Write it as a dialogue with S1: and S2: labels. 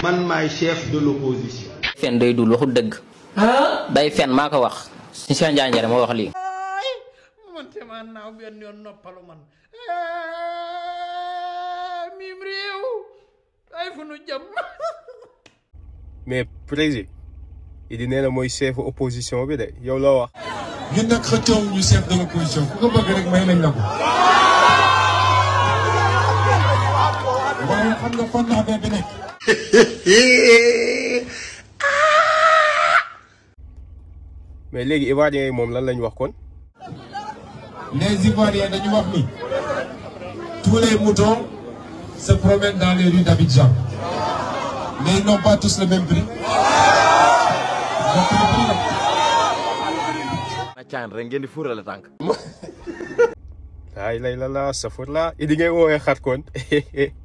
S1: man maay chef de l'opposition. fen day dul waxul dëgg. day fen maa ko wax. si sa njaanjare moo wax lii. man te maa naaw benn yoon noppalu man eh, mim réew ay fu nu mais président Idi mooy chef opposition bi de yow loo wax. mais les Ivoiriens ils m'ont lan la les Ivoiriens dañu wax ni. tous les moutons se promènent dans les rues d'Abidjan. mais ils n'ont pas tous le même prix. caan le ngeen di fuural a tànk ay lay la la safur la idi ngay woowee xat koon